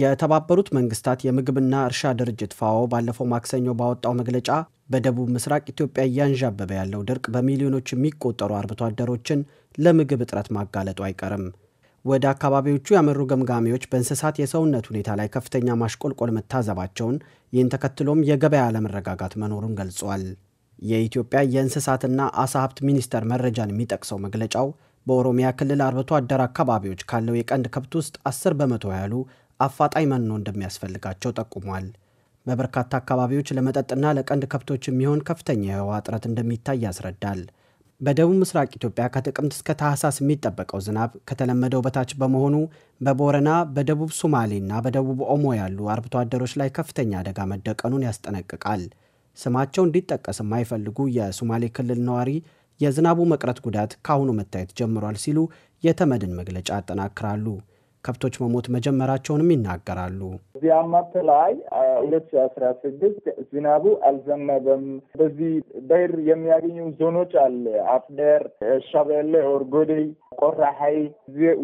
የተባበሩት መንግስታት የምግብና እርሻ ድርጅት ፋኦ ባለፈው ማክሰኞ ባወጣው መግለጫ በደቡብ ምስራቅ ኢትዮጵያ እያንዣበበ ያለው ድርቅ በሚሊዮኖች የሚቆጠሩ አርብቶ አደሮችን ለምግብ እጥረት ማጋለጡ አይቀርም። ወደ አካባቢዎቹ ያመሩ ገምጋሚዎች በእንስሳት የሰውነት ሁኔታ ላይ ከፍተኛ ማሽቆልቆል መታዘባቸውን፣ ይህን ተከትሎም የገበያ አለመረጋጋት መኖሩን ገልጿል። የኢትዮጵያ የእንስሳትና አሳ ሀብት ሚኒስቴር መረጃን የሚጠቅሰው መግለጫው በኦሮሚያ ክልል አርብቶ አደር አካባቢዎች ካለው የቀንድ ከብት ውስጥ 10 በመቶ ያሉ አፋጣኝ መኖ እንደሚያስፈልጋቸው ጠቁሟል። በበርካታ አካባቢዎች ለመጠጥና ለቀንድ ከብቶች የሚሆን ከፍተኛ የውሃ እጥረት እንደሚታይ ያስረዳል። በደቡብ ምስራቅ ኢትዮጵያ ከጥቅምት እስከ ታህሳስ የሚጠበቀው ዝናብ ከተለመደው በታች በመሆኑ በቦረና በደቡብ ሶማሌና በደቡብ ኦሞ ያሉ አርብቶ አደሮች ላይ ከፍተኛ አደጋ መደቀኑን ያስጠነቅቃል። ስማቸው እንዲጠቀስ የማይፈልጉ የሶማሌ ክልል ነዋሪ የዝናቡ መቅረት ጉዳት ከአሁኑ መታየት ጀምሯል ሲሉ የተመድን መግለጫ ያጠናክራሉ። ከብቶች መሞት መጀመራቸውንም ይናገራሉ። እዚህ አማት ላይ ሁለት ሺ አስራ ስድስት ዝናቡ አልዘነበም። በዚህ በይር የሚያገኙ ዞኖች አለ አፍደር፣ ሸበሌ፣ ኦርጎዴ፣ ቆራሀይ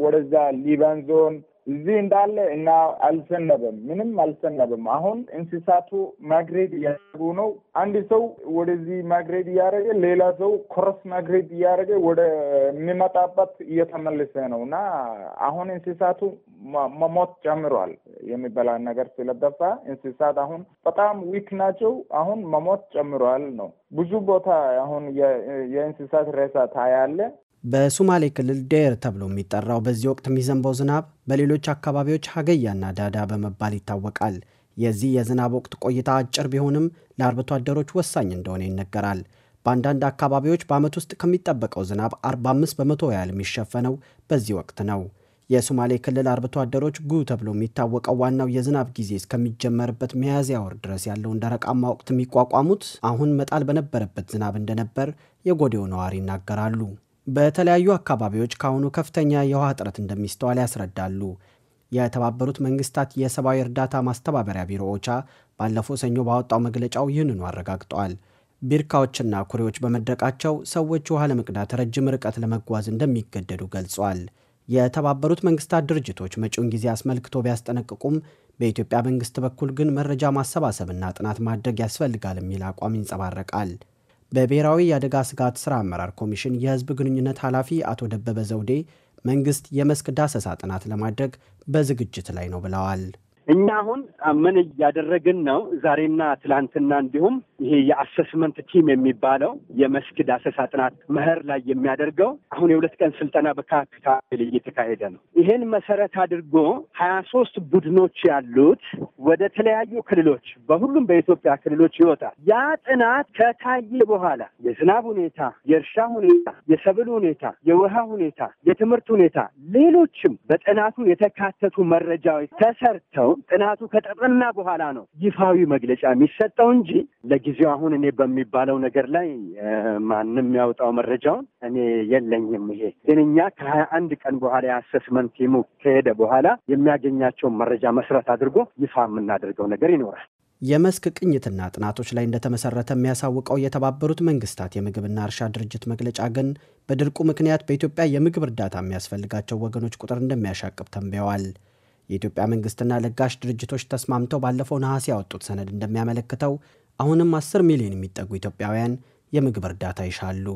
ወደዛ ሊባን ዞን እዚህ እንዳለ እና አልሰነበም፣ ምንም አልሰነበም። አሁን እንስሳቱ ማግሬድ እያደረጉ ነው። አንድ ሰው ወደዚህ ማግሬድ እያደረገ፣ ሌላ ሰው ኮረስ ማግሬድ እያደረገ ወደ የሚመጣበት እየተመለሰ ነው እና አሁን እንስሳቱ መሞት ጨምሯል። የሚበላ ነገር ስለጠፋ እንስሳት አሁን በጣም ዊክ ናቸው። አሁን መሞት ጨምሯል ነው ብዙ ቦታ አሁን የእንስሳት ሬሳ ታያለ። በሱማሌ ክልል ዴር ተብሎ የሚጠራው በዚህ ወቅት የሚዘንበው ዝናብ በሌሎች አካባቢዎች ሀገያና ዳዳ በመባል ይታወቃል። የዚህ የዝናብ ወቅት ቆይታ አጭር ቢሆንም ለአርብቶ አደሮች ወሳኝ እንደሆነ ይነገራል። በአንዳንድ አካባቢዎች በዓመት ውስጥ ከሚጠበቀው ዝናብ 45 በመቶ ያህል የሚሸፈነው በዚህ ወቅት ነው። የሶማሌ ክልል አርብቶ አደሮች ጉ ተብሎ የሚታወቀው ዋናው የዝናብ ጊዜ እስከሚጀመርበት ሚያዝያ ወር ድረስ ያለውን ደረቃማ ወቅት የሚቋቋሙት አሁን መጣል በነበረበት ዝናብ እንደነበር የጎዴው ነዋሪ ይናገራሉ። በተለያዩ አካባቢዎች ከአሁኑ ከፍተኛ የውሃ እጥረት እንደሚስተዋል ያስረዳሉ። የተባበሩት መንግስታት የሰብአዊ እርዳታ ማስተባበሪያ ቢሮ ኦቻ ባለፈው ሰኞ ባወጣው መግለጫው ይህንኑ አረጋግጠዋል። ቢርካዎችና ኩሬዎች በመድረቃቸው ሰዎች ውሃ ለመቅዳት ረጅም ርቀት ለመጓዝ እንደሚገደዱ ገልጿል። የተባበሩት መንግስታት ድርጅቶች መጪውን ጊዜ አስመልክቶ ቢያስጠነቅቁም በኢትዮጵያ መንግስት በኩል ግን መረጃ ማሰባሰብና ጥናት ማድረግ ያስፈልጋል የሚል አቋም ይንጸባረቃል። በብሔራዊ የአደጋ ስጋት ሥራ አመራር ኮሚሽን የህዝብ ግንኙነት ኃላፊ አቶ ደበበ ዘውዴ መንግሥት የመስክ ዳሰሳ ጥናት ለማድረግ በዝግጅት ላይ ነው ብለዋል። እኛ አሁን ምን እያደረግን ነው? ዛሬና ትላንትና እንዲሁም ይሄ የአሰስመንት ቲም የሚባለው የመስጊድ አሰሳ ጥናት መኸር ላይ የሚያደርገው አሁን የሁለት ቀን ስልጠና በካፒታል እየተካሄደ ነው። ይህን መሰረት አድርጎ ሀያ ሶስት ቡድኖች ያሉት ወደ ተለያዩ ክልሎች በሁሉም በኢትዮጵያ ክልሎች ይወጣል። ያ ጥናት ከታየ በኋላ የዝናብ ሁኔታ፣ የእርሻ ሁኔታ፣ የሰብል ሁኔታ፣ የውሃ ሁኔታ፣ የትምህርት ሁኔታ፣ ሌሎችም በጥናቱ የተካተቱ መረጃዎች ተሰርተው ጥናቱ ከጠበና በኋላ ነው ይፋዊ መግለጫ የሚሰጠው እንጂ ለጊዜው አሁን እኔ በሚባለው ነገር ላይ ማንም ያውጣው መረጃውን እኔ የለኝም። ይሄ ግን እኛ ከሀያ አንድ ቀን በኋላ የአሰስመንት ቲሙ ከሄደ በኋላ የሚያገኛቸውን መረጃ መሰረት አድርጎ ይፋ የምናደርገው ነገር ይኖራል። የመስክ ቅኝትና ጥናቶች ላይ እንደተመሰረተ የሚያሳውቀው የተባበሩት መንግስታት የምግብና እርሻ ድርጅት መግለጫ ግን በድርቁ ምክንያት በኢትዮጵያ የምግብ እርዳታ የሚያስፈልጋቸው ወገኖች ቁጥር እንደሚያሻቅብ ተንብየዋል። የኢትዮጵያ መንግስትና ለጋሽ ድርጅቶች ተስማምተው ባለፈው ነሐሴ ያወጡት ሰነድ እንደሚያመለክተው አሁንም 10 ሚሊዮን የሚጠጉ ኢትዮጵያውያን የምግብ እርዳታ ይሻሉ።